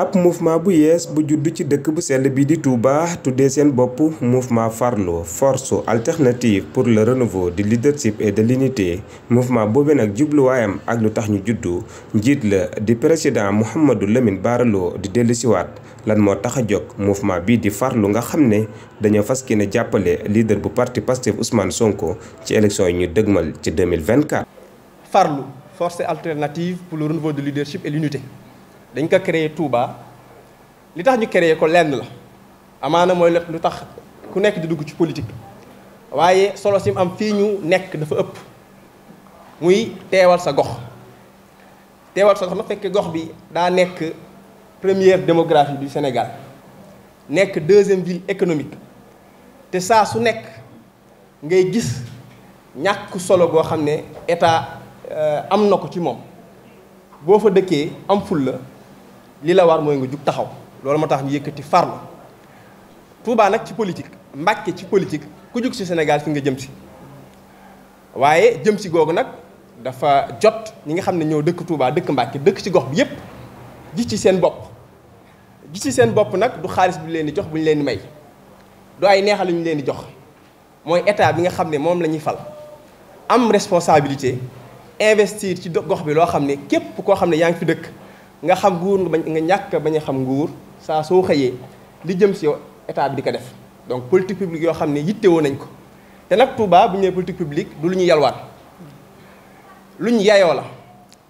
ab mouvement bu yées bu judd ci dëkk bu sell bi di Touba tuddee seen bopp mouvement Farlo force alternative pour le renouveau du leadership et de l'unité mouvement boobee nag jubluwaayam ak lu tax ñu juddu njiit la di président Mouhamadou Lamine Bara Lo di dellusiwaat lan moo tax a jóg mouvement bii di farlu nga xam ne dañoo fas ne jàppale leader bu parti Pastef Ousmane Sonko ci élection yi ñu dëgmal ci 2024. Farlo force alternative pour le renouveau du leadership et l'unité dañ ko créer Touba li tax ñu créer ko lenn la amaana mooy lu tax ku nekk di dugg ci politique waaye solo sim am fii ñu nekk dafa ëpp muy teewal sa gox teewal sa gox na fekk gox bi daa nekk première démographie du Sénégal nekk deuxième ville économique te saa su nekk ngay gis ñàkk solo goo xam ne état euh, am na ko ci moom boo fa dëkkee am ful la li la war mooy nga jug taxaw loolu moo tax ñu yëkkati farlu Touba nag ci politique Mbàkke ci politique ku jug si Sénégal fi nga jëm si waaye jëm si googu nag dafa jot ñi nga xam ne ñoo dëkk Touba dëkk Mbàkke dëkk ci gox bi yépp ji ci seen bopp gis ci seen bopp nag du xaalis bu leen di jox bu ñu leen di may du ay neexal yu leen di jox mooy état bi nga xam ne moom la ñuy fal am responsabilité investir ci gox bi loo xam ne képp koo xam ne yaa ngi fi dëkk nga xam nguur nga ñàkk bañ a xam nguur saa soo xëyee li jëm si yow état bi di ko def donc politique publique yoo xam ne yittewoo nañ ko te nag Touba bu ñu nee politique publique du lu ñu yalwaat lu ñu yaayoo la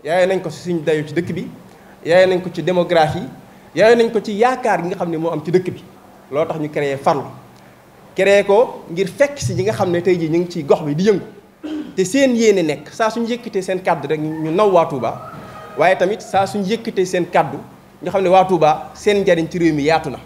yaayoo nañ ko si suñu dayoo ci dëkk bi yaayoo nañ ko ci démographie yaayoo nañ ko ci yaakaar gi nga xam ne moo am ci dëkk bi loo tax ñu créé farlu créé ko ngir fekk si ñi nga xam ne tey jii ñu ngi ci gox bi di yëngu te seen yéene nekk saa suñu yëkkatee seen cadre rek ñu naw waa waaye tamit saa suñ yëkkatee seen kàddu nga xam ne waa Touba seen njariñ ci réew mi yaatu na.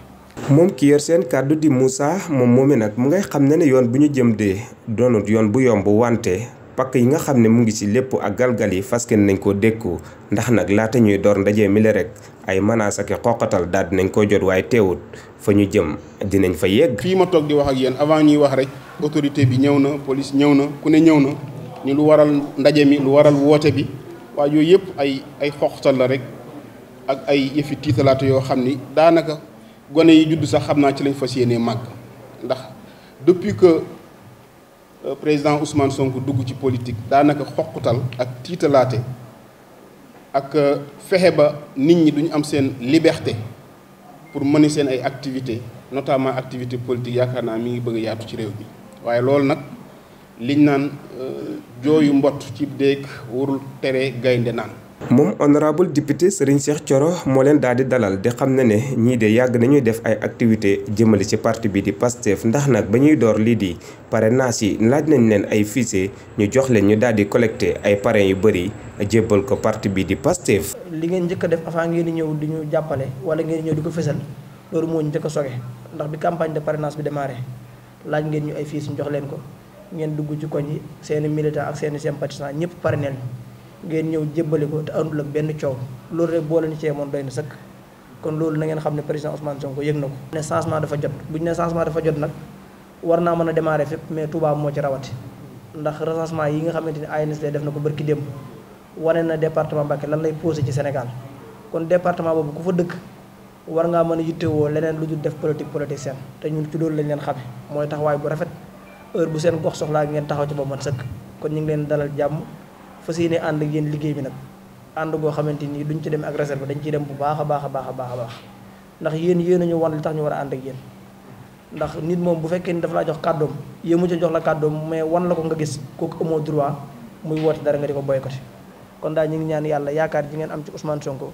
moom kii yor seen kàddu di Moussa moom moomi nag mu ngay xam ne ne yoon bu ñu jëm dee doonut yoon bu yomb wante pakk yi nga xam ne mu ngi ci lépp ak galgal yi fasken nañ koo dékku ndax nag laata ñuy door ndaje mi la rek ay menaces ak xoqatal daal dinañ ko jot waaye teewut fa ñu jëm dinañ fa yegg. fii ma toog di wax ak yéen avant ñuy wax rek autorité bi ñëw na police ñëw na ku ne ñëw na ñu lu waral ndaje mi lu waral woote bi. waaye yooyu yëpp ay ay xoxtal la rek ak ay yëfi tiitalaate yoo xam ni daanaka gone yi judd sax xam naa ci lañ fas yéenee màgg ndax depuis que euh, président Ousmane sonk dugg ci politique daanaka xoqutal ak tiitalaate ak euh, fexe ba nit ñi duñu am seen liberté pour mener seen ay activités notamment activité politique yaakaar naa mi ngi bëgg yaatu ci réew bi waaye loolu nag liñ naan euh, jooyu mbott ci déeg warul tere gaynde naan moom honorable député Serigne Cheikh Thioro moo leen daal di dalal di xam ne ne ñii de yàgg nañuy def ay activité jëmale ci parti bi di PASTEF ndax nag ba ñuy door lii di parrainage yi laaj nañ leen ay fichier ñu jox leen ñu daal di collecté ay parrain yu bëri jébbal ko parti bi di PASTEF. li ngeen njëkk def avant ngeen di ñëw di ñu jàppale wala ngeen di ñëw di ko fësal loolu moo ñu njëkk soge ndax bi campagne de bi démarré laaj ngeen ñu ay fichier ñu jox leen ko. ngeen dugg ci koñ yi seeni militant ak seeni sympathisant ñëpp pare neen ngeen ñëw jébbali ko te àndul ak benn coow loolu rek boo leen cee moom doy na kon loolu na ngeen xam ne président Ousmane Sonko yëg na ko. ne changement dafa jot bu ñu ne changement dafa jot nag war naa mën a démarrer fépp mais Touba moo ci rawati ndax recensement yi nga xamante ni ANSD def na ko barki démb wane na département Mbacké lan lay posé ci Sénégal kon département boobu ku fa dëkk war ngaa mën a yittewoo leneen lu dul def politique politicienne te ñun ci loolu lañ leen xame mooy taxawaay bu rafet. heure bu seen gox soxlaa ngeen taxaw ci ba mat sëkk kon ñu ngi leen dalal jàmm fas yéene ànd ak yéen liggéey bi nag ànd goo xamante ni duñ ci dem ak réserve dañ ciy dem bu baax a baax a baax a baax a baax ndax yéen yéen a ñu wan li tax ñu war a ànd ak yéen ndax nit moom bu fekkee ni dafa laa jox kàddoom yéemu ca jox la kàddoom mais wan la ko nga gis kooku amoo droit muy woote dara nga di ko ko boycotté kon daal ñu ngi ñaan yàlla yaakaar ji ngeen am ci Ousmane Sonko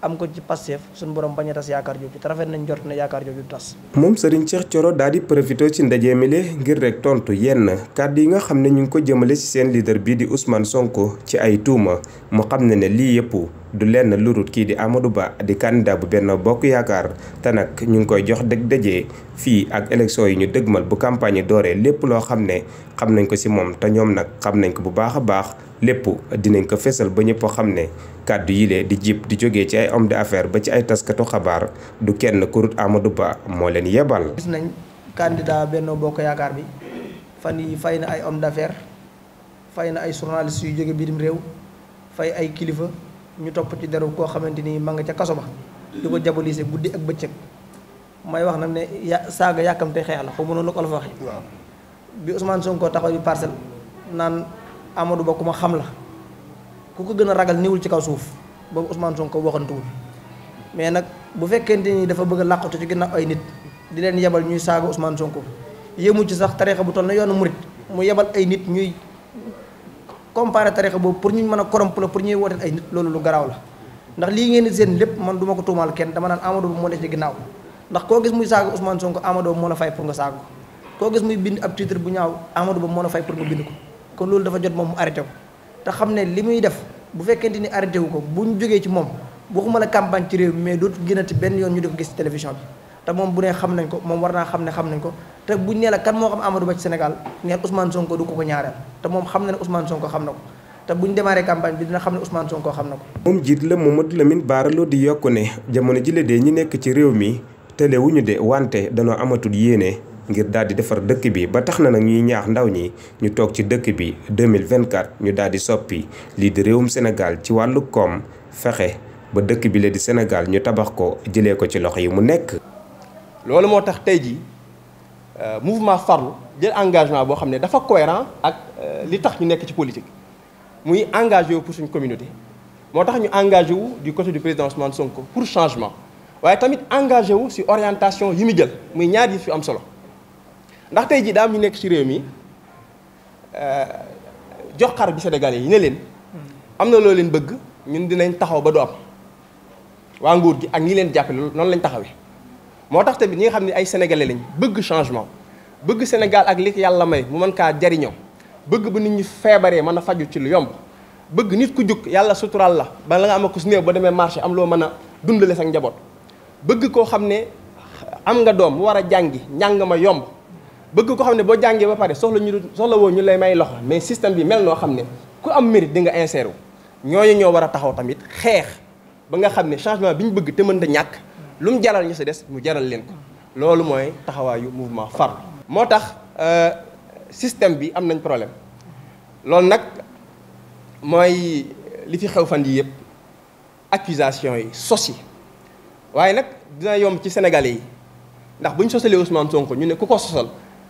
am ko ci Pastef suñu borom bañ a yaakaar jooju te nañ jort na yaakaar jooju tas. moom Serigne Cheikh Thioro daal di profité ci ndaje mi le ngir rek tontu yenn kàddu yi nga xam ne ñu ngi ko jëmale ci seen leader bii di Ousmane Sonko ci ay tuuma mu xam ne ne lii yëpp du lenn lurut kii di Amadou Ba di candidat bu benn bokk yaakaar te nag ñu ngi koy jox dëgg daje fii ak élection yi ñu dëgmal bu campagne dooree lépp loo xam ne xam nañ ko ci moom te ñoom nag xam nañ ko bu baax a baax. lépp dinañ ko fesal ba ñëpp xam ne kàddu yile di jib di jógee ci ay homme affaire ba ci ay taskatu xabaar du kenn kurut Amadou Ba moo leen yebal. bis nañ candidat Benno Bokk Yaakaar bi fan yi fay na ay homme d'affaires fay na ay journalistes yu jóge bitim réew fay ay kilifa ñu topp ci deru koo xamante ni ma nga ca kaso ba di ko jabolise guddi ak bëccëg may wax nag ne ya saaga yàkkamte xeex la xaw ma noonu la ko la fa waxee. bi Ousmane Sonko taxaw di parcelle Amadou Ba ku ma xam la ku ko gën a ragal niwul ci kaw suuf boobu Ousmane Sonko waxantuwul mais nag bu fekkente ni dafa bëgg a làqatu ci ginnaaw ay nit di leen yebal ñuy saaga Ousmane Sonko yëmu ci sax tarixa bu toll na yoonu murit mu yebal ay nit ñuy comparer tarixa boobu pour ñu mën a corrompre la pour ñuy wooteel ay nit loolu lu garaaw la ndax lii ngeen di seen lépp man du ma ko tuumaal kenn dama naan Amadou Ba moo des ndax koo gis muy saaga Ousmane Sonko Amadou Ba moo la fay pour nga saaga ko koo gis muy bind ab titre bu ñaaw Amadou Ba moo la fay pour nga bind ko kon loolu dafa jot moom mu arrêté ko te xam ne li muy def bu fekkente ni arrêté wu ko bu ñu jógee ci moom waxuma la campagne ci réew mi mais dootu gënati benn yoon ñu def gis ci télévision bi moom bu ne xam nañ ko moom war naa xam ne xam nañ ko te buñ ne la kan moo xam Amadou Ba ci Sénégal neen Ousmane Sonko du ko ko ñaareel te moom xam na ne Ousmane Sonko xam na ko te buñ démarré campagne bi xam ne Ousmane Sonko xam na ko. moom jiit la Mamadou Lamine Bara Lo di yokku ne jamono ji la dee ñi nekk ci réew mi tëlewuñu de wante danoo amatul yéene. ngir daal di defar dëkk bi ba tax na nag ñuy ñaax ndaw ñi ñu toog ci dëkk bi 2024 ñu daal di soppi lii di réewum Sénégal ci wàllu koom fexe ba dëkk bi la di Sénégal ñu tabax ko jëlee ko ci loxo yi mu nekk. loolu moo tax tey jii euh, mouvement farlu jël engagement boo xam ne dafa cohérent ak euh, li tax ñu nekk ci politique muy engagé wu pour suñu communauté. moo tax ñu engage wu di côté du président Ousmane Sonko pour changement waaye tamit engagé wu ci orientation yi mu jël muy ñaar yi am solo. ndax tey jii daa am nekk ci réew mi euh, jox xar bi Sénégalais yi ne leen am na loo leen bëgg ñun dinañ taxaw ba doom waa nguur gi ak ñi leen jàppale noonu lañ taxawee moo tax tamit ñi nga xam ne ay sénégalais lañ bëgg changement bëgg Sénégal ak li yàlla may mu mën kaa jariñoo bëgg bu nit ñu feebaree mën a faju ci lu yomb bëgg nit ku jug yàlla sutural la ba la nga am ku si néew ba demee marché am loo mën a dundale sa njaboot bëgg koo xam ne am nga doom mu war a jàngi njàng ma yomb bëgg ko xam ne boo jàngee ba pare soxla ñu soxla woo ñu lay may loxo mais système bi mel noo xam ne ku am mérite di nga insérer wu ñoo war a taxaw tamit xeex ba nga xam ne changement bi ñu bëgg te mën da ñàkk lu mu jaral ñu si des mu jaral leen ko loolu mooy taxawaayu mouvement far moo tax euh, système bi am nañ problème loolu nag mooy li fi xew fan yi yëpp accusation yi sos yi waaye nag dina yomb ci Sénégalais yi ndax bu ñu sosalee Ousmane Sonko ñu ne ku ko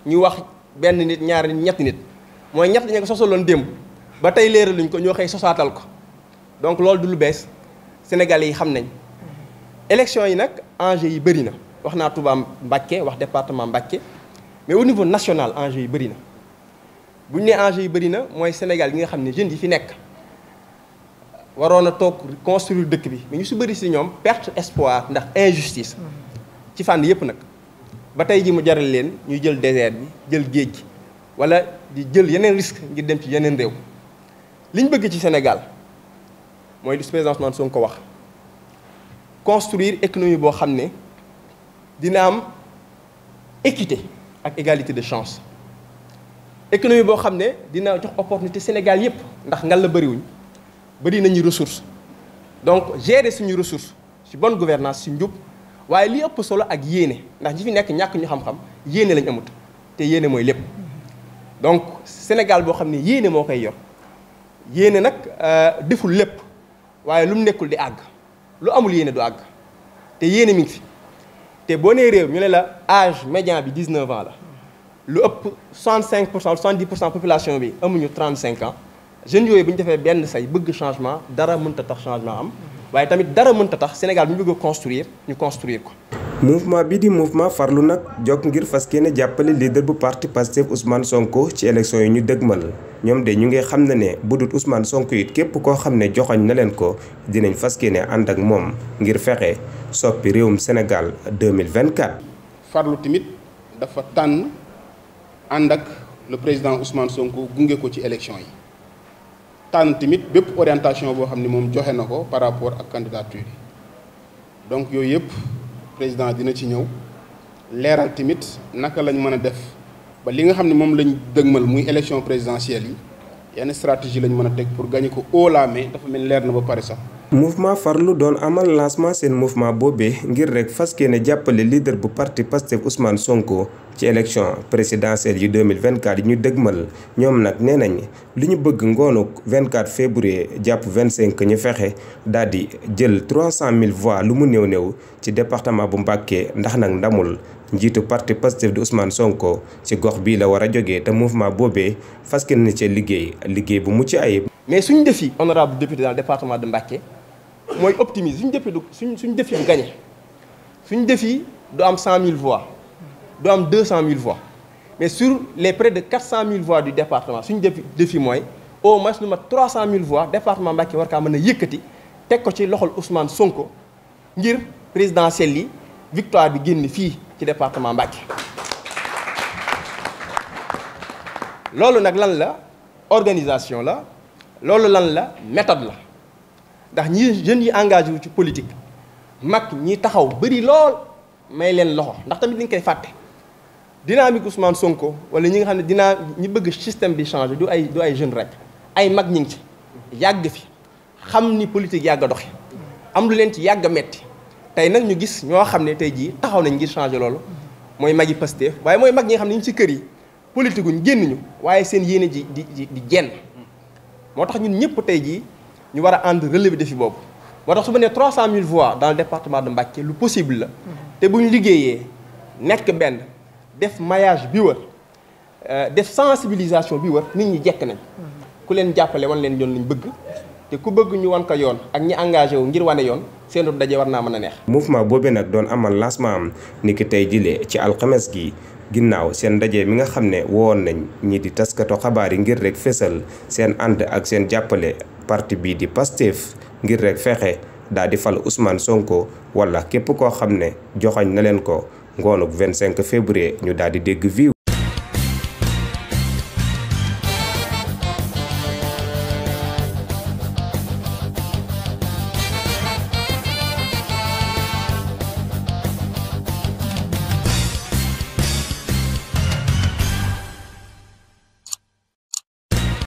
ñu wax benn nit ñaari nit ñetti nit mooy ñett ña ko sosaloon démb ba tey leeraluñ ko ñoo xëy sosaatal ko donc loolu du lu bees sénégal yi xam nañ élection yi nag enjeu yi bëri na wax naa Touba Mbacké wax département Mbacké mais au niveau national enjeu yi bëri na bu ñu nee enjeu yi bëri na mooy Sénégal yi nga xam ne jeunes yi fi nekk waroon a toog construire dëkk bi mais ñu si bëri si ñoom perte espoir ndax injustice mm-hmm. ci fànn yëpp nag. ba tey ji mu jaral leen ñuy jël désert bi jël géej gi wala di jël yeneen risque ngir dem ci yeneen réew liñ bëgg ci Sénégal mooy li président Ousmane Sonko wax construire économie boo xam ne dina am équité ak égalité de chance économie boo xam ne dina jox opportunité Sénégal yépp ndax ngal la bëriwuñ bëri nañu ressource donc gérer suñu ressource ci bonne gouvernance ci njub waaye li ëpp solo ak yéene ndax ñi fi nekk ñàkk ñu xam-xam yéene lañ amut te yéene mooy lépp donc Sénégal boo xam ne yéene moo koy yor yéene nag euh, deful lépp waaye lu mu nekkul di àgg lu amul yéene du àgg te yéene mi ngi fi te boo nee réew ñu ne la age médian bi 19 ans la lu ëpp 65 pour cent 70 pour cent population bi amuñu 35 ans jeunes yooyu bu ñu defee benn say bëgg changement dara mënut a tax changement am. waaye tamit dara mënta tax Sénégal bu ñu bëgg a ñu construire ko. mouvement bii di mouvement farlu nag jog ngir fas yéene jàppale leader bu parti Pastef Ousmane Sonko ci élection yi ñu dëgmal ñoom de ñu ngi xam ne ne bu dut Ousmane Sonko yi képp koo xam ne joxoñ na leen ko dinañ fas yéene ànd ak moom ngir fexe soppi réewum Sénégal 2024. farlu tamit dafa tànn ànd ak le président Ousmane Sonko gunge ko ci élection yi. tànn tamit bépp orientation boo xam ne moom joxe na ko par rapport ak candidature donc yooyu yëpp président dina ci ñëw leeral tamit naka lañ mën a def ba li nga xam ni moom lañ dëgmal muy élection présidentielle yi yenn stratégie lañ mën a teg pour gagner ko haut la main dafa mel leer na ba pare sax mouvement lu doon amal lancement seen mouvement boobee ngir rek faske ne jàppale leader bu parti Pastef Ousmane Sonko ci élection présidentielle yu 2024 yi ñu dëgmal ñoom nag nee nañ li ñu bëgg ngoonu 24 février jàpp cinq ñu fexe daal di jël 300 mille voix lu mu néew néew ci département bu Mbàkke ndax nag ndamul njiitu parti Pastef di Ousmane Sonko ci gox bii la war a jógee te mouvement boobee fas yéene ci liggéey liggéey bu mucc ayib. mais suñu defi honorable député dans le département de mooy optimiser suñ défi du suñ suñ défi du gagné suñ défi du am 100000 voix du am mille voix mais sur les près de 400000 voix du département suñ défi défi mooy au moins lu mat 300000 voix département Mbacké war kaa mën a yëkkati teg ko ci loxol Ousmane Sonko ngir présidentielle yi victoire bi génn fii ci département Mbacké. loolu nag lan la organisation la loolu lan la méthode la. ndax ñi jeunes yi engagé wu ci politique mag ñi taxaw bëri lool may leen loxo ndax tamit li koy fàtte dynamique Ousmane Sonko wala ñi nga xam ne dinaa ñi bëgg système bi changé du ay du ay rek ay mag ñi ci yàgg fi xam ni politique yàgg a doxi am lu leen ci yàgg a metti tey nag ñu gis ñoo xam ne tey jii taxaw nañ ngir changé loolu mooy mag magi Pastef waaye mooy mag ñi xam ne ñu ci kër yi politique guñ génn ñu waaye seen yéene ji di di di jenn moo tax ñun ñëpp tey jii ñu war a ànd bi défi boobu moo tax su ma nee cent mille dans le département de Mbacké lu possible la te bu ñu liggéeyee nekk benn def mayage bi wër euh, def sensibilisation bi wër nit ñi jekk nañ ku leen jàppale wan leen yoon lañ bëgg te ku bëgg ñu wan ko yoon ak ñi engagé wu ngir wane yoon seen doon daje war naa mën a neex mouvement boobee nag doon amal lancement am ni ki tey jilee ci alxames gi ginnaaw seen ndaje mi nga xam ne wowoon nañ ñi di taskato xabaar yi ngir rek fésal seen ànd ak seen jàppale parti bii di Pastef ngir rek fexe daa di fal Ousmane Sonko wala képp koo xam ne joxoñ na leen ko ngoonuk 25 février ñu daal di dégg viiw